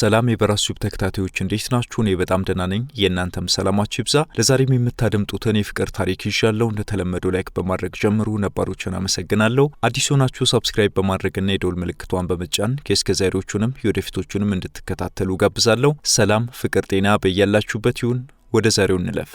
ሰላም የበራስ ዩብ ተከታታዮች እንዴት ናችሁ? እኔ በጣም ደህና ነኝ። የእናንተም ሰላማችሁ ይብዛ። ለዛሬም የምታደምጡትን የፍቅር ታሪክ ይዣለሁ። እንደተለመደው ላይክ በማድረግ ጀምሩ። ነባሮችን አመሰግናለሁ። አዲስ ሆናችሁ ሰብስክራይብ በማድረግና የደወል ምልክቷን በመጫን ከእስከ ዛሬዎቹንም የወደፊቶቹንም እንድትከታተሉ ጋብዛለሁ። ሰላም፣ ፍቅር፣ ጤና በያላችሁበት ይሁን። ወደ ዛሬው እንለፍ።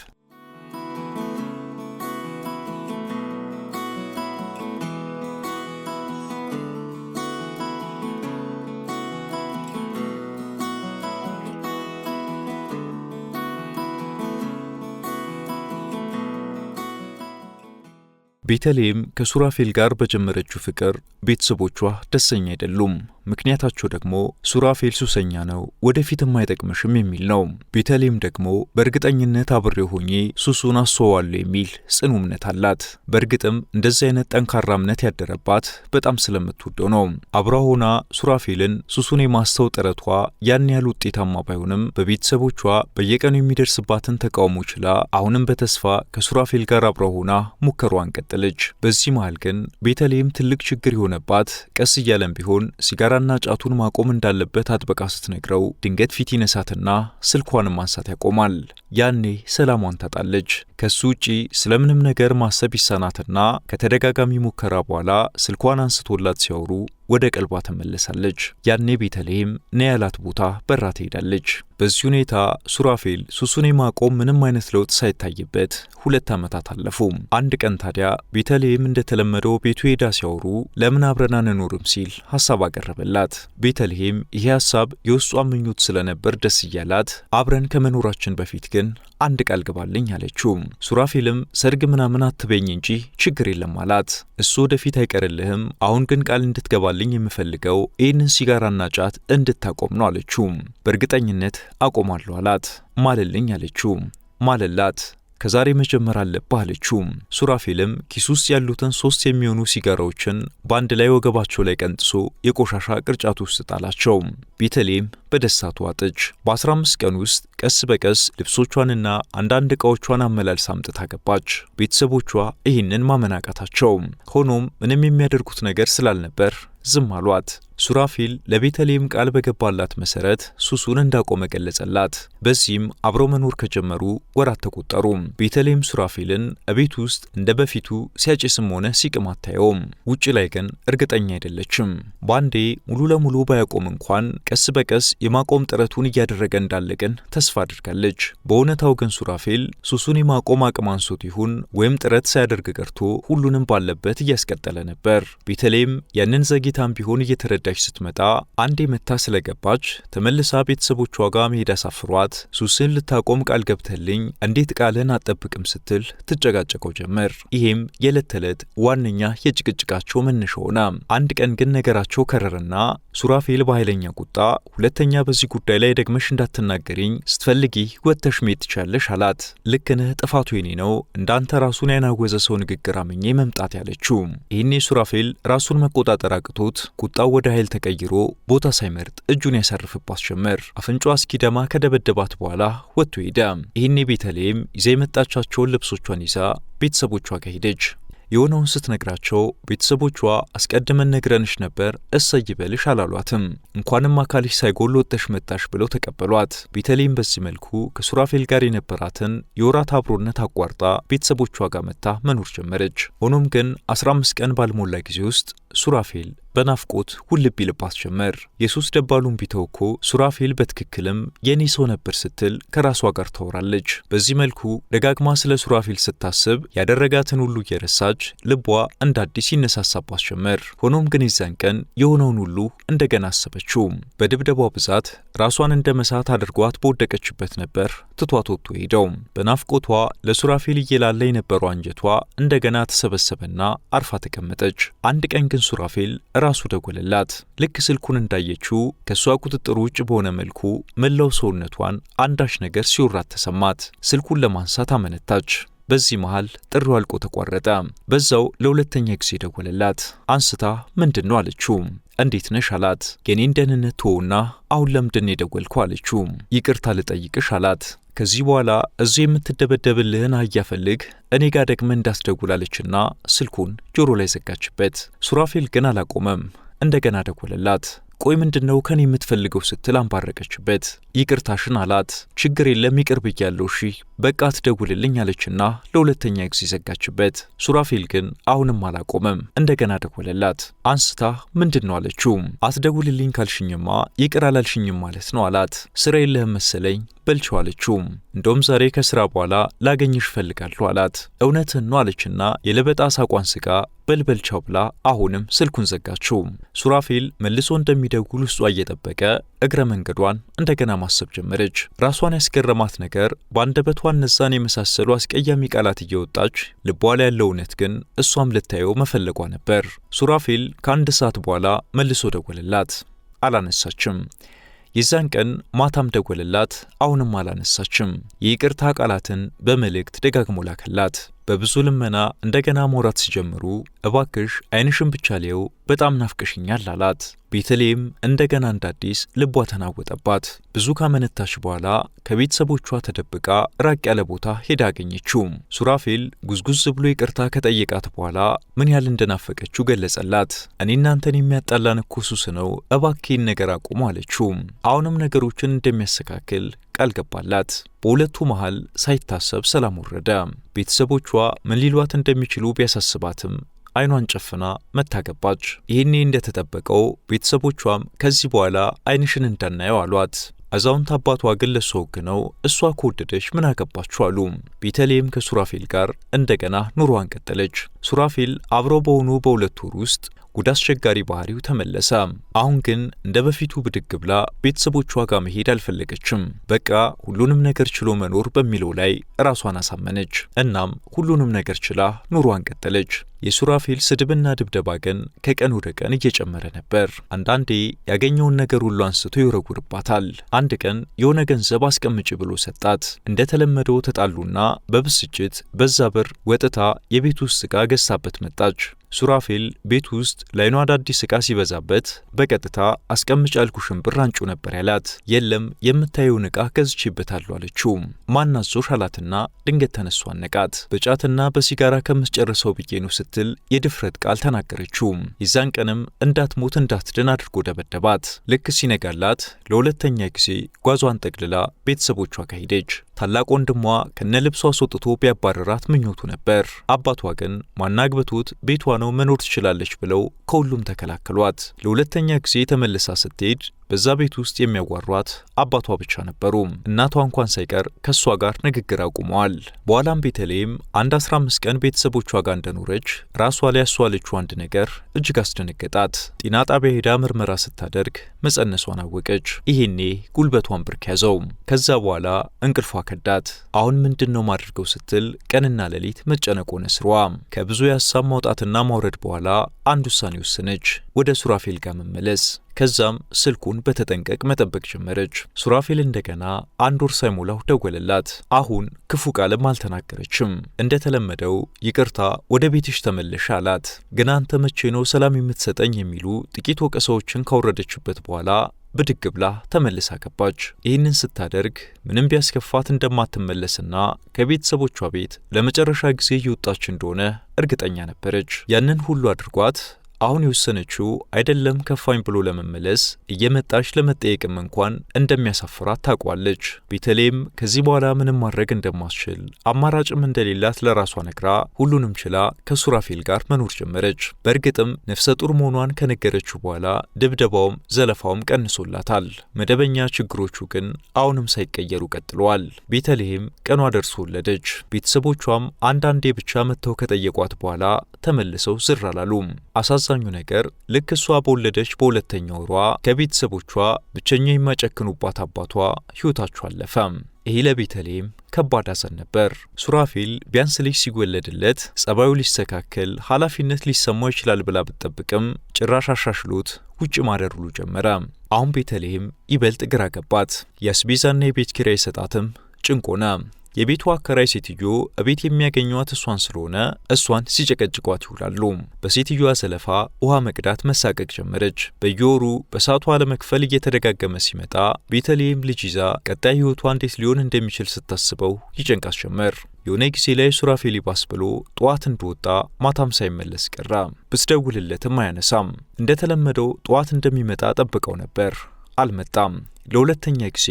ቤተልሔም ከሱራፌል ጋር በጀመረችው ፍቅር ቤተሰቦቿ ደሰኛ አይደሉም። ምክንያታቸው ደግሞ ሱራፌል ሱሰኛ ነው፣ ወደፊትም አይጠቅምሽም የሚል ነው። ቤተልሔም ደግሞ በእርግጠኝነት አብሬ ሆኜ ሱሱን አስወዋለሁ የሚል ጽኑ እምነት አላት። በእርግጥም እንደዚህ አይነት ጠንካራ እምነት ያደረባት በጣም ስለምትወደው ነው። አብራ ሆና ሱራፌልን ሱሱን የማስተው ጥረቷ ያን ያህል ውጤታማ ባይሆንም በቤተሰቦቿ በየቀኑ የሚደርስባትን ተቃውሞ ችላ አሁንም በተስፋ ከሱራፌል ጋር አብራ ሆና ሙከሯን ቀጥለች። በዚህ መሃል ግን ቤተልሔም ትልቅ ችግር የሆነባት ቀስ እያለም ቢሆን ሲጋራ ሲጋራና ጫቱን ማቆም እንዳለበት አጥብቃ ስትነግረው ድንገት ፊት ይነሳትና ስልኳንም ማንሳት ያቆማል። ያኔ ሰላሟን ታጣለች። ከሱ ውጪ ስለምንም ነገር ማሰብ ይሳናትና ከተደጋጋሚ ሙከራ በኋላ ስልኳን አንስቶላት ሲያወሩ ወደ ቀልቧ ትመለሳለች። ያኔ ቤተልሔም ነይ ያላት ቦታ በራ ትሄዳለች። በዚህ ሁኔታ ሱራፌል ሱሱን የማቆም ምንም አይነት ለውጥ ሳይታይበት ሁለት ዓመታት አለፉ። አንድ ቀን ታዲያ ቤተልሔም እንደተለመደው ቤቱ ሄዳ ሲያወሩ ለምን አብረን አንኖርም ሲል ሀሳብ አቀረበላት። ቤተልሔም ይሄ ሀሳብ የውስጧ ምኞት ስለነበር ደስ እያላት አብረን ከመኖራችን በፊት ግን አንድ ቃል ግባልኝ አለችው። ሱራፌልም ሰርግ ምናምን አትበኝ እንጂ ችግር የለም አላት። እሱ ወደፊት አይቀርልህም፣ አሁን ግን ቃል እንድትገባል እንድታቆምልኝ የምፈልገው ይህንን ሲጋራና ጫት እንድታቆም ነው አለችው። በእርግጠኝነት አቆማለሁ አላት። ማለልኝ አለችው። ማለላት። ከዛሬ መጀመር አለብህ አለችው። ሱራፌልም ኪስ ውስጥ ያሉትን ሶስት የሚሆኑ ሲጋራዎችን በአንድ ላይ ወገባቸው ላይ ቀንጥሶ የቆሻሻ ቅርጫት ውስጥ ጣላቸው። ቤተልሔም በደስታ ተዋጠች። በ15 ቀን ውስጥ ቀስ በቀስ ልብሶቿንና አንዳንድ ዕቃዎቿን አመላልሳ አምጥታ ገባች። ቤተሰቦቿ ይህንን ማመናቃታቸው ሆኖም ምንም የሚያደርጉት ነገር ስላልነበር ዝም አሏት። ሱራፊል ለቤተልሔም ቃል በገባላት መሰረት ሱሱን እንዳቆመ ገለጸላት። በዚህም አብሮ መኖር ከጀመሩ ወራት ተቆጠሩ። ቤተልሔም ሱራፊልን እቤት ውስጥ እንደ በፊቱ ሲያጭስም ሆነ ሲቅም አታየውም። ውጭ ላይ ግን እርግጠኛ አይደለችም። በአንዴ ሙሉ ለሙሉ ባያቆም እንኳን ቀስ በቀስ የማቆም ጥረቱን እያደረገ እንዳለ ግን ተስፋ አድርጋለች። በእውነታው ግን ሱራፊል ሱሱን የማቆም አቅም አንሶት ይሁን ወይም ጥረት ሳያደርግ ቀርቶ ሁሉንም ባለበት እያስቀጠለ ነበር። ቤተልሔም ያንን ዘግይታም ቢሆን እየተረዳ እያደጋች ስትመጣ አንዴ መታ ስለገባች ተመልሳ ቤተሰቦቿ ጋር መሄድ አሳፍሯት ሱስን ልታቆም ቃል ገብተልኝ እንዴት ቃልን አጠብቅም ስትል ትጨቃጨቀው ጀመር። ይሄም የዕለት ተዕለት ዋነኛ የጭቅጭቃቸው መነሻ ሆና። አንድ ቀን ግን ነገራቸው ከረርና ሱራፌል በኃይለኛ ቁጣ ሁለተኛ በዚህ ጉዳይ ላይ ደግመሽ እንዳትናገሪኝ ስትፈልጊ ወጥተሽ መሄድ ትቻለሽ አላት። ልክ ነህ፣ ጥፋቱ የኔ ነው፣ እንዳንተ ራሱን ያናወዘ ሰው ንግግር አምኜ መምጣት ያለችው። ይህኔ ሱራፌል ራሱን መቆጣጠር አቅቶት ቁጣው ወደ በኃይል ተቀይሮ ቦታ ሳይመርጥ እጁን ያሳርፍባት ጀመር። አፍንጫዋ እስኪደማ ከደበደባት በኋላ ወጥቶ ሄደ። ይህኔ ቤተልሔም ይዛ የመጣቻቸውን ልብሶቿን ይዛ ቤተሰቦቿ ጋር ሄደች። የሆነውን ስትነግራቸው ቤተሰቦቿ አስቀድመን ነግረንሽ ነበር እሰይ በልሽ አላሏትም። እንኳንም አካልሽ ሳይጎል ወጥተሽ መጣሽ ብለው ተቀበሏት። ቤተልሔም በዚህ መልኩ ከሱራፌል ጋር የነበራትን የወራት አብሮነት አቋርጣ ቤተሰቦቿ ጋር መታ መኖር ጀመረች። ሆኖም ግን 15 ቀን ባልሞላ ጊዜ ውስጥ ሱራፌል በናፍቆት ሁልብ ይልባት ጀመር። የሱስ ደባሉን ቢተው እኮ ሱራፌል በትክክልም የኔ ሰው ነበር ስትል ከራሷ ጋር ታወራለች። በዚህ መልኩ ደጋግማ ስለ ሱራፌል ስታስብ ያደረጋትን ሁሉ እየረሳች ልቧ እንደ አዲስ ይነሳሳባት ጀመር። ሆኖም ግን የዚያን ቀን የሆነውን ሁሉ እንደገና አሰበችው። በድብደቧ ብዛት ራሷን እንደ መሳት አድርጓት በወደቀችበት ነበር ትቷት ወጥቶ ሄደው። በናፍቆቷ ለሱራፌል እየላለ የነበረው አንጀቷ እንደገና ተሰበሰበና አርፋ ተቀመጠች። አንድ ቀን ግን ሱራፌል ራሱ ደወለላት። ልክ ስልኩን እንዳየችው ከእሷ ቁጥጥር ውጭ በሆነ መልኩ መላው ሰውነቷን አንዳች ነገር ሲወራት ተሰማት። ስልኩን ለማንሳት አመነታች። በዚህ መሃል ጥሪው አልቆ ተቋረጠ። በዛው ለሁለተኛ ጊዜ ደወለላት። አንስታ ምንድን ነው አለችው። እንዴት ነሽ አላት። የኔን ደህንነት ተወውና አሁን ለምንድን የደወልከው አለችው። ይቅርታ ልጠይቅሽ አላት። ከዚህ በኋላ እዚህ የምትደበደብልህን አያፈልግ እኔ ጋር ደግመ እንዳስደውላለችና ስልኩን ጆሮ ላይ ዘጋችበት። ሱራፌል ግን አላቆመም፣ እንደገና ደወለላት። ቆይ ምንድን ነው ከኔ የምትፈልገው ስትል አንባረቀችበት። ይቅርታሽን አላት። ችግር የለም ይቅር ብያለሁ፣ እሺ በቃ አትደውልልኝ አለችና ለሁለተኛ ጊዜ ዘጋችበት። ሱራፌል ግን አሁንም አላቆመም፣ እንደገና ደወለላት። አንስታ ምንድን ነው አለችው። አትደውልልኝ ካልሽኝማ ይቅር አላልሽኝም ማለት ነው አላት። ስራ የለህም መሰለኝ በልቼው አለችው። እንደውም ዛሬ ከስራ በኋላ ላገኝሽ እፈልጋለሁ አላት። እውነትን ነው አለችና የለበጣ ሳቋን ስጋ በልበልቻው ብላ አሁንም ስልኩን ዘጋችው። ሱራፌል መልሶ እንደሚደውል ውስጧ እየጠበቀ እግረ መንገዷን እንደገና ማሰብ ጀመረች። ራሷን ያስገረማት ነገር በአንደበቷ እነዛን የመሳሰሉ አስቀያሚ ቃላት እየወጣች ልቧ ላይ ያለው እውነት ግን እሷም ልታየው መፈለጓ ነበር። ሱራፌል ከአንድ ሰዓት በኋላ መልሶ ደወለላት፣ አላነሳችም። የዛን ቀን ማታም ደወለላት፣ አሁንም አላነሳችም። የይቅርታ ቃላትን በመልእክት ደጋግሞ ላከላት። በብዙ ልመና እንደገና መውራት ሲጀምሩ እባክሽ አይንሽን ብቻ ሊየው በጣም ናፍቀሽኛል አላት። ቤተልሔም እንደገና እንደ አዲስ ልቧ ተናወጠባት። ብዙ ካመነታች በኋላ ከቤተሰቦቿ ተደብቃ ራቅ ያለ ቦታ ሄዳ አገኘችው። ሱራፌል ጉዝጉዝ ብሎ ይቅርታ ከጠየቃት በኋላ ምን ያህል እንደናፈቀችው ገለጸላት። እኔ እናንተን የሚያጣላን እኮ ሱስ ነው፣ እባክህ ነገር አቁሙ አለችው። አሁንም ነገሮችን እንደሚያስተካክል ቃል ገባላት። በሁለቱ መሃል ሳይታሰብ ሰላም ወረደ። ቤተሰቦቿ ምን ሊሏት እንደሚችሉ ቢያሳስባትም አይኗን ጨፍና መታገባች። ይህኔ እንደተጠበቀው ቤተሰቦቿም ከዚህ በኋላ አይንሽን እንዳናየው አሏት። አዛውንት አባቷ ግን ለእሱ እሷ ከወደደች ምን አገባችሁ አሉ። ቤተልሔም ከሱራፌል ጋር እንደገና ኑሮዋን ቀጠለች። ሱራፌል አብረው በሆኑ በሁለት ወር ውስጥ ወደ አስቸጋሪ ባህሪው ተመለሰ። አሁን ግን እንደ በፊቱ ብድግ ብላ ቤተሰቦቿ ጋር መሄድ አልፈለገችም። በቃ ሁሉንም ነገር ችሎ መኖር በሚለው ላይ ራሷን አሳመነች። እናም ሁሉንም ነገር ችላ ኑሯን ቀጠለች። የሱራፌል ስድብና ድብደባ ግን ከቀን ወደ ቀን እየጨመረ ነበር። አንዳንዴ ያገኘውን ነገር ሁሉ አንስቶ ይወረውርባታል። አንድ ቀን የሆነ ገንዘብ አስቀምጭ ብሎ ሰጣት። እንደተለመደው ተጣሉና በብስጭት በዛ ብር ወጥታ የቤት ውስጥ ዕቃ ገዝታበት መጣች። ሱራፌል ቤት ውስጥ ላይኗ አዳዲስ ዕቃ ሲበዛበት በቀጥታ አስቀምጫ ያልኩሽን ብር አንጩ ነበር ያላት። የለም የምታየውን ዕቃ ገዝቼበታለሁ አለችው። ማናዞሽ አላትና ድንገት ተነሱ አነቃት። በጫትና በሲጋራ ከምትጨርሰው ብዬ ነው ስትል የድፍረት ቃል ተናገረችው። ይዛን ቀንም እንዳትሞት እንዳትድን አድርጎ ደበደባት። ልክ ሲነጋላት ለሁለተኛ ጊዜ ጓዟን ጠቅልላ ቤተሰቦቿ ጋር ሄደች። ታላቅ ወንድሟ ከነ ልብሷ አስወጥቶ ቢያባረራት ምኞቱ ነበር። አባቷ ግን ማናግበቱት ቤቷ ነው መኖር ትችላለች ብለው ከሁሉም ተከላከሏት። ለሁለተኛ ጊዜ ተመልሳ ስትሄድ በዛ ቤት ውስጥ የሚያዋሯት አባቷ ብቻ ነበሩ። እናቷ እንኳን ሳይቀር ከእሷ ጋር ንግግር አቁመዋል። በኋላም ቤተልሔም አንድ 15 ቀን ቤተሰቦቿ ጋር እንደኖረች ራሷ ላይ ያስተዋለችው አንድ ነገር እጅግ አስደነገጣት። ጤና ጣቢያ ሄዳ ምርመራ ስታደርግ መጸነሷን አወቀች። ይሄኔ ጉልበቷን ብርክ ያዘው። ከዛ በኋላ እንቅልፏ ከዳት። አሁን ምንድን ነው ማድርገው ስትል ቀንና ሌሊት መጨነቅ ሆነ ስሯ። ከብዙ የሀሳብ ማውጣትና ከማውረድ በኋላ አንድ ውሳኔ ወሰነች፣ ወደ ሱራፌል ጋር መመለስ። ከዛም ስልኩን በተጠንቀቅ መጠበቅ ጀመረች። ሱራፌል እንደገና አንድ ወር ሳይሞላው ደወለላት። አሁን ክፉ ቃልም አልተናገረችም። እንደተለመደው ይቅርታ ወደ ቤትሽ ተመለሽ አላት። ግን አንተ መቼ ነው ሰላም የምትሰጠኝ የሚሉ ጥቂት ወቀሳዎችን ካወረደችበት በኋላ ብድግ ብላ ተመልሳ ገባች። ይህንን ስታደርግ ምንም ቢያስከፋት እንደማትመለስና ከቤተሰቦቿ ቤት ለመጨረሻ ጊዜ እየወጣች እንደሆነ እርግጠኛ ነበረች። ያንን ሁሉ አድርጓት አሁን የወሰነችው አይደለም ከፋኝ ብሎ ለመመለስ እየመጣች ለመጠየቅም እንኳን እንደሚያሳፍራት ታውቋለች። ቤተልሔም ከዚህ በኋላ ምንም ማድረግ እንደማስችል አማራጭም እንደሌላት ለራሷ ነግራ ሁሉንም ችላ ከሱራፌል ጋር መኖር ጀመረች። በእርግጥም ነፍሰ ጡር መሆኗን ከነገረችው በኋላ ድብደባውም ዘለፋውም ቀንሶላታል። መደበኛ ችግሮቹ ግን አሁንም ሳይቀየሩ ቀጥለዋል። ቤተልሔም ቀኗ ደርሶ ወለደች። ቤተሰቦቿም አንዳንዴ ብቻ መጥተው ከጠየቋት በኋላ ተመልሰው ዝር አላሉም። ወሳኙ ነገር ልክ እሷ በወለደች በሁለተኛ ወሯ ከቤተሰቦቿ ብቸኛ የማይጨክኑባት አባቷ ሕይወታቸው አለፈ። ይሄ ለቤተልሔም ከባድ ሐዘን ነበር። ሱራፌል ቢያንስ ልጅ ሲወለድለት ጸባዩ ሊስተካከል፣ ኃላፊነት ሊሰማው ይችላል ብላ ብትጠብቅም ጭራሽ አሻሽሎት ውጭ ማደር ሁሉ ጀመረ። አሁን ቤተልሔም ይበልጥ ግራ ገባት። የአስቤዛና የቤት ኪራይ ሰጣትም ጭንቆነ የቤቱ አከራይ ሴትዮ እቤት የሚያገኟት እሷን ስለሆነ እሷን ሲጨቀጭቋት ይውላሉ። በሴትዮዋ ዘለፋ ውሃ መቅዳት መሳቀቅ ጀመረች። በየወሩ በሰዓቱ አለመክፈል እየተደጋገመ ሲመጣ ቤተልሔም ልጅ ይዛ ቀጣይ ሕይወቷ እንዴት ሊሆን እንደሚችል ስታስበው ይጨንቃት ጀመር። የሆነ ጊዜ ላይ ሱራፌል ይባስ ብሎ ጠዋት እንደወጣ ማታም ሳይመለስ ቀራ። ብትደውልለትም አያነሳም። እንደተለመደው ጠዋት እንደሚመጣ ጠብቀው ነበር፣ አልመጣም። ለሁለተኛ ጊዜ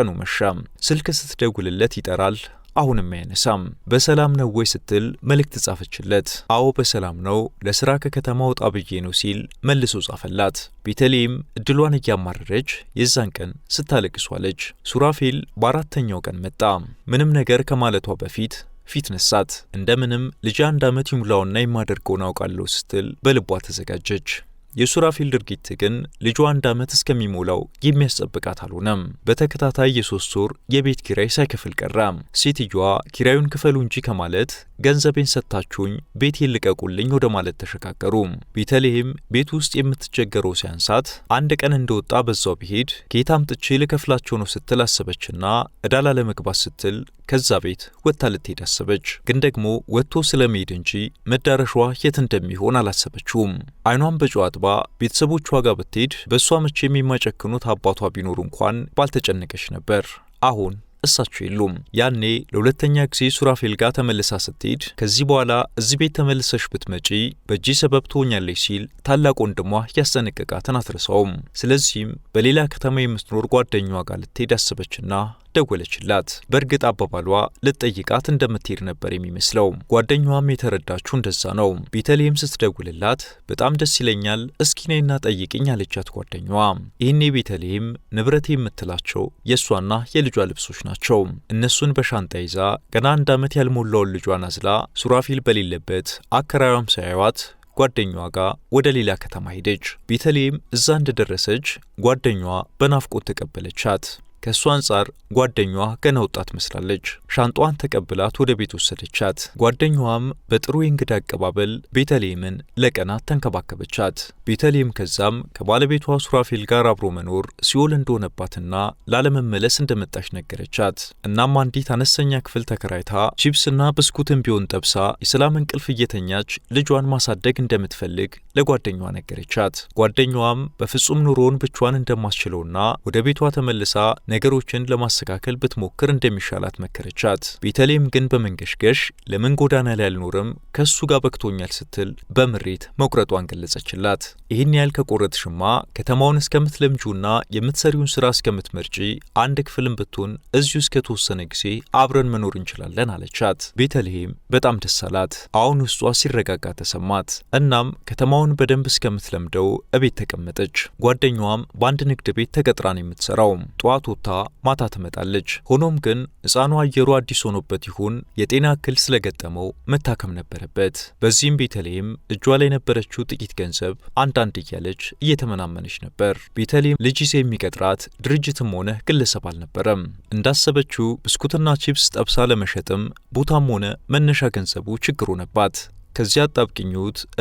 ቀኑ መሻም። ስልክ ስትደውልለት ይጠራል። አሁንም አያነሳም። በሰላም ነው ወይ ስትል መልእክት ጻፈችለት። አዎ በሰላም ነው፣ ለስራ ከከተማ ወጣ ብዬ ነው ሲል መልሶ ጻፈላት። ቤተልሔም እድሏን እያማረረች የዛን ቀን ስታለቅሷለች። ሱራፌል በአራተኛው ቀን መጣ። ምንም ነገር ከማለቷ በፊት ፊት ነሳት። እንደምንም ልጅ አንድ ዓመት ይሙላውና የማደርገውን አውቃለሁ ስትል በልቧ ተዘጋጀች። የሱራፊል ድርጊት ግን ልጇ አንድ ዓመት እስከሚሞላው የሚያስጠብቃት አልሆነም። በተከታታይ የሶስት ወር የቤት ኪራይ ሳይከፍል ቀረ። ሴትዮዋ ኪራዩን ክፈሉ እንጂ ከማለት ገንዘቤን ሰጥታችሁኝ ቤቴን ልቀቁልኝ ወደ ማለት ተሸጋገሩ። ቤተልሔም ቤት ውስጥ የምትቸገረው ሲያንሳት አንድ ቀን እንደወጣ በዛው ቢሄድ ጌታም ጥቼ ልከፍላቸው ነው ስትል አሰበችና እዳላ ለመግባት ስትል ከዛ ቤት ወጥታ ልትሄድ አሰበች። ግን ደግሞ ወጥቶ ስለመሄድ እንጂ መዳረሻዋ የት እንደሚሆን አላሰበችውም። አይኗን በጨው አጥባ ቤተሰቦቿ ጋር ብትሄድ በእሷ መቼ የሚማጨክኑት አባቷ ቢኖሩ እንኳን ባልተጨነቀች ነበር። አሁን እሳቸው የሉም። ያኔ ለሁለተኛ ጊዜ ሱራፌል ጋር ተመልሳ ስትሄድ ከዚህ በኋላ እዚህ ቤት ተመልሰሽ ብትመጪ በእጅ ሰበብ ትሆኛለች ሲል ታላቅ ወንድሟ ያስጠነቀቃትን አትረሳውም። ስለዚህም በሌላ ከተማ የምትኖር ጓደኛዋ ጋር ልትሄድ አሰበችና ደወለችላት። በእርግጥ አባባሏ ልትጠይቃት እንደምትሄድ ነበር የሚመስለው። ጓደኛዋም የተረዳችው እንደዛ ነው። ቤተልሔም ስትደውልላት በጣም ደስ ይለኛል፣ እስኪ ነይና ጠይቅኝ አለቻት ጓደኛዋ። ይህኔ ቤተልሔም ንብረቴ የምትላቸው የእሷና የልጇ ልብሶች ናቸው። እነሱን በሻንጣ ይዛ ገና አንድ ዓመት ያልሞላውን ልጇን አዝላ ሱራፊል በሌለበት አከራዩም ሳያዩት ጓደኛዋ ጋር ወደ ሌላ ከተማ ሄደች። ቤተልሔም እዛ እንደደረሰች ጓደኛዋ በናፍቆት ተቀበለቻት። ከእሱ አንጻር ጓደኛዋ ገና ወጣት መስላለች። ሻንጧን ተቀብላት ወደ ቤት ወሰደቻት። ጓደኛዋም በጥሩ የእንግዳ አቀባበል ቤተልሔምን ለቀናት ተንከባከበቻት። ቤተልሔም ከዛም ከባለቤቷ ሱራፌል ጋር አብሮ መኖር ሲኦል እንደሆነባትና ላለመመለስ እንደመጣች ነገረቻት። እናም አንዲት አነስተኛ ክፍል ተከራይታ ቺፕስና ብስኩትን ቢሆን ጠብሳ የሰላም እንቅልፍ እየተኛች ልጇን ማሳደግ እንደምትፈልግ ለጓደኛዋ ነገረቻት። ጓደኛዋም በፍጹም ኑሮውን ብቻዋን እንደማስችለውና ወደ ቤቷ ተመልሳ ነገሮችን ለማስተካከል ብትሞክር እንደሚሻላት መከረቻት። ቤተልሔም ግን በመንገሽገሽ ለምን ጎዳና ላይ አልኖርም ከሱ ጋር በክቶኛል ስትል በምሬት መቁረጧን ገለጸችላት። ይህን ያህል ከቆረጥሽማ ከተማውን እስከምትለምጁና የምትሰሪውን ስራ እስከምትመርጪ አንድ ክፍልም ብትሆን እዚሁ እስከተወሰነ ጊዜ አብረን መኖር እንችላለን አለቻት። ቤተልሔም በጣም ደስ አላት። አሁን ውስጧ ሲረጋጋ ተሰማት። እናም ከተማውን በደንብ እስከምትለምደው እቤት ተቀመጠች። ጓደኛዋም በአንድ ንግድ ቤት ተቀጥራን የምትሰራው ጠዋት ወጥታ ማታ ትመጣለች። ሆኖም ግን ሕፃኑ አየሩ አዲስ ሆኖበት ይሁን የጤና እክል ስለገጠመው መታከም ነበረበት። በዚህም ቤተልሔም እጇ ላይ የነበረችው ጥቂት ገንዘብ አንዳንድ እያለች እየተመናመነች ነበር። ቤተልሔም ልጅ ይዜ የሚቀጥራት ድርጅትም ሆነ ግለሰብ አልነበረም። እንዳሰበችው ብስኩትና ቺፕስ ጠብሳ ለመሸጥም ቦታም ሆነ መነሻ ገንዘቡ ችግር ሆነባት። ከዚህ አጣብቂኝ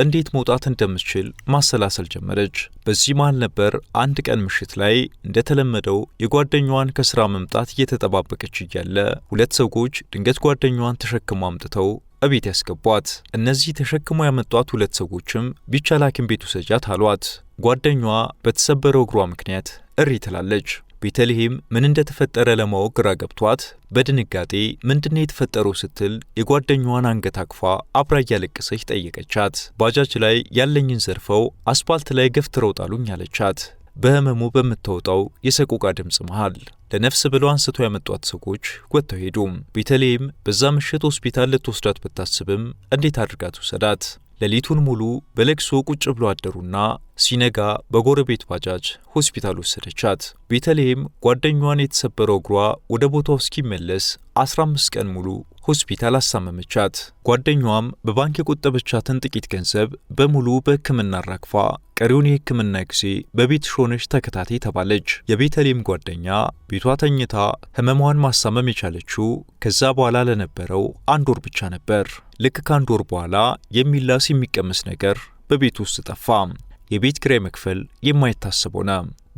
እንዴት መውጣት እንደምችል ማሰላሰል ጀመረች። በዚህ መሃል ነበር አንድ ቀን ምሽት ላይ እንደተለመደው የጓደኛዋን ከስራ መምጣት እየተጠባበቀች እያለ ሁለት ሰዎች ድንገት ጓደኛዋን ተሸክመው አምጥተው እቤት ያስገቧት። እነዚህ ተሸክሞ ያመጧት ሁለት ሰዎችም ቢቻል ሐኪም ቤት ውሰጃት አሏት። ጓደኛዋ በተሰበረው እግሯ ምክንያት እሪ ትላለች። ቤተልሔም ምን እንደተፈጠረ ለማወቅ ግራ ገብቷት በድንጋጤ ምንድነው የተፈጠረው ስትል የጓደኛዋን አንገት አቅፋ አብራ እያለቀሰች ጠየቀቻት። ባጃጅ ላይ ያለኝን ዘርፈው አስፓልት ላይ ገፍትረው ጣሉኝ አለቻት። በህመሙ በምታወጣው የሰቆቃ ድምፅ መሃል ለነፍስ ብለው አንስተው ያመጧት ሰዎች ወጥተው ሄዱ። ቤተልሔም በዛ ምሽት ሆስፒታል ልትወስዳት ብታስብም እንዴት አድርጋት ውሰዳት? ሌሊቱን ሙሉ በለቅሶ ቁጭ ብሎ አደሩና ሲነጋ በጎረቤት ባጃጅ ሆስፒታል ወሰደቻት። ቤተልሔም ጓደኛዋን የተሰበረው እግሯ ወደ ቦታው እስኪመለስ 15 ቀን ሙሉ ሆስፒታል አሳመመቻት። ጓደኛዋም በባንክ የቆጠበቻትን ጥቂት ገንዘብ በሙሉ በሕክምና አራክፋ ቀሪውን የሕክምና ጊዜ በቤት ሾነች ተከታታይ ተባለች። የቤተልሔም ጓደኛ ቤቷ ተኝታ ህመሟን ማሳመም የቻለችው ከዛ በኋላ ለነበረው አንድ ወር ብቻ ነበር። ልክ ከአንድ ወር በኋላ የሚላስ የሚቀመስ ነገር በቤት ውስጥ ጠፋ። የቤት ኪራይ መክፈል የማይታሰብ ሆነ።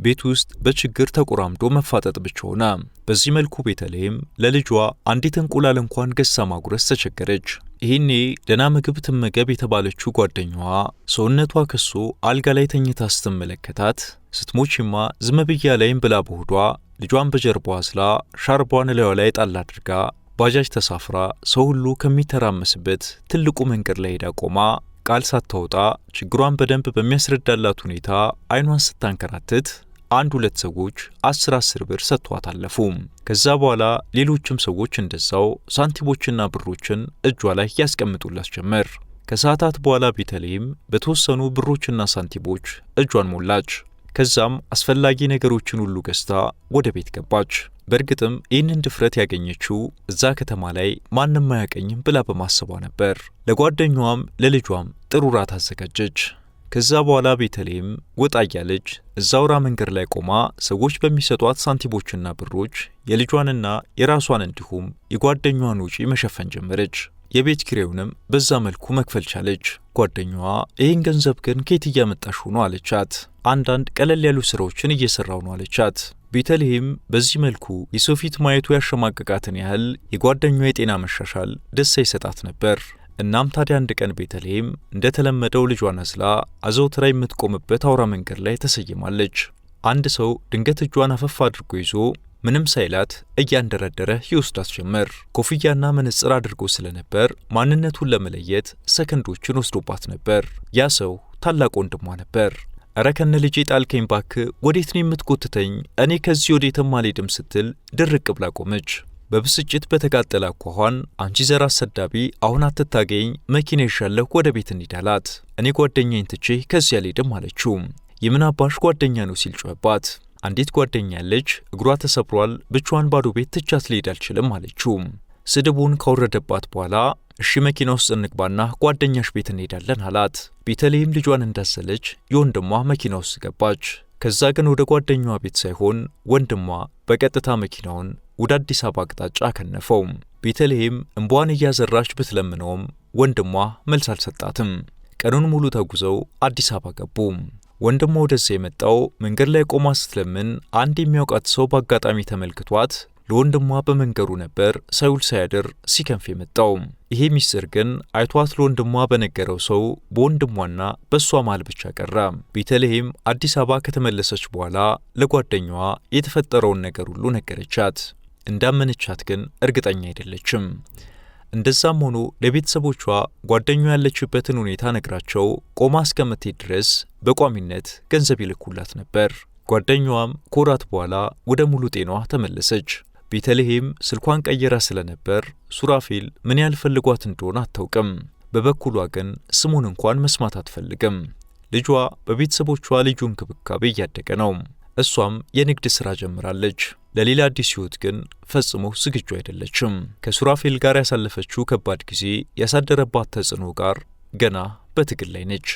ቤት ውስጥ በችግር ተቆራምዶ መፋጠጥ ብቻ ሆነ። በዚህ መልኩ ቤተልሔም ለልጇ አንዲት እንቁላል እንኳን ገሳ ማጉረስ ተቸገረች። ይህኔ ደህና ምግብ ትመገብ የተባለችው ጓደኛዋ ሰውነቷ ከሶ አልጋ ላይ ተኝታ ስትመለከታት ስትሞችማ ዝመብያ ላይም ብላ በሆዷ ልጇን በጀርባዋ አስላ፣ ሻርቧን እላዩ ላይ ጣል አድርጋ ባጃጅ ተሳፍራ ሰው ሁሉ ከሚተራመስበት ትልቁ መንገድ ላይ ሄዳ ቆማ ቃል ሳታወጣ ችግሯን በደንብ በሚያስረዳላት ሁኔታ አይኗን ስታንከራትት አንድ ሁለት ሰዎች አስር አስር ብር ሰጥቷት አለፉ። ከዛ በኋላ ሌሎችም ሰዎች እንደዛው ሳንቲሞችና ብሮችን እጇ ላይ ያስቀምጡላት ጀመር። ከሰዓታት በኋላ ቤተልሔም በተወሰኑ ብሮችና ሳንቲሞች እጇን ሞላች። ከዛም አስፈላጊ ነገሮችን ሁሉ ገዝታ ወደ ቤት ገባች። በእርግጥም ይህንን ድፍረት ያገኘችው እዛ ከተማ ላይ ማንም አያቀኝም ብላ በማሰቧ ነበር። ለጓደኛዋም ለልጇም ጥሩ ራት አዘጋጀች። ከዛ በኋላ ቤተልሔም ወጣ እያለች እዛውራ መንገድ ላይ ቆማ ሰዎች በሚሰጧት ሳንቲሞችና ብሮች የልጇንና የራሷን እንዲሁም የጓደኛዋን ውጪ መሸፈን ጀመረች። የቤት ኪሬውንም በዛ መልኩ መክፈል ቻለች። ጓደኛዋ ይህን ገንዘብ ግን ከየት እያመጣሽ ሆኖ አለቻት። አንዳንድ ቀለል ያሉ ስራዎችን እየሰራው ነው አለቻት። ቤተልሔም በዚህ መልኩ የሰው ፊት ማየቱ ያሸማቀቃትን ያህል የጓደኛዋ የጤና መሻሻል ደስ ይሰጣት ነበር። እናም ታዲያ አንድ ቀን ቤተልሔም እንደተለመደው ልጇን አዝላ አዘውትራ የምትቆምበት አውራ መንገድ ላይ ተሰይማለች። አንድ ሰው ድንገት እጇን አፈፍ አድርጎ ይዞ ምንም ሳይላት እያንደረደረ ይወስዳት ጀመር። ኮፍያና መነጽር አድርጎ ስለነበር ማንነቱን ለመለየት ሰከንዶችን ወስዶባት ነበር። ያ ሰው ታላቅ ወንድሟ ነበር። እረ ከነ ልጄ ጣልከኝ ባክ፣ ወዴት ነው የምትጎትተኝ? እኔ ከዚህ ወዴትም አልሄድም ስትል ድርቅ ብላ ቆመች። በብስጭት በተቃጠለ አኳኋን አንቺ ዘር አሰዳቢ፣ አሁን አትታገኝ፣ መኪና ይሻለሁ፣ ወደ ቤት እንሂድ አላት። እኔ ጓደኛኝ ትቼ ከዚህ አልሄድም አለችው። የምን አባሽ ጓደኛ ነው ሲል ጮኸባት። አንዲት ጓደኛ ያለች እግሯ ተሰብሯል፣ ብቻዋን ባዶ ቤት ትቻት ልሄድ አልችልም አለችው። ስድቡን ካወረደባት በኋላ እሺ መኪና ውስጥ እንግባና ጓደኛሽ ቤት እንሄዳለን አላት። ቤተልሔም ልጇን እንዳዘለች የወንድሟ መኪና ውስጥ ገባች። ከዛ ግን ወደ ጓደኛዋ ቤት ሳይሆን ወንድሟ በቀጥታ መኪናውን ወደ አዲስ አበባ አቅጣጫ አከነፈው። ቤተልሔም እንቧን እያዘራች ብትለምነውም ወንድሟ መልስ አልሰጣትም። ቀኑን ሙሉ ተጉዘው አዲስ አበባ ገቡ። ወንድሟ ወደዚያ የመጣው መንገድ ላይ ቆማ ስትለምን አንድ የሚያውቃት ሰው በአጋጣሚ ተመልክቷት ለወንድሟ በመንገሩ ነበር ሳይውል ሳያድር ሲከንፍ የመጣው። ይሄ ሚስጥር ግን አይቷት ለወንድሟ በነገረው ሰው በወንድሟና በእሷ መሃል ብቻ ቀረ። ቤተልሔም አዲስ አበባ ከተመለሰች በኋላ ለጓደኛዋ የተፈጠረውን ነገር ሁሉ ነገረቻት። እንዳመነቻት ግን እርግጠኛ አይደለችም። እንደዛም ሆኖ ለቤተሰቦቿ ጓደኛ ያለችበትን ሁኔታ ነግራቸው ቆማ እስከምትሄድ ድረስ በቋሚነት ገንዘብ ይልኩላት ነበር። ጓደኛዋም ከወራት በኋላ ወደ ሙሉ ጤኗ ተመለሰች። ቤተልሔም ስልኳን ቀይራ ስለነበር ሱራፌል ምን ያህል ፈልጓት እንደሆነ አታውቅም። በበኩሏ ግን ስሙን እንኳን መስማት አትፈልግም። ልጇ በቤተሰቦቿ ልዩ እንክብካቤ እያደገ ነው። እሷም የንግድ ሥራ ጀምራለች። ለሌላ አዲስ ሕይወት ግን ፈጽሞ ዝግጁ አይደለችም። ከሱራፌል ጋር ያሳለፈችው ከባድ ጊዜ ያሳደረባት ተጽዕኖ ጋር ገና በትግል ላይ ነች።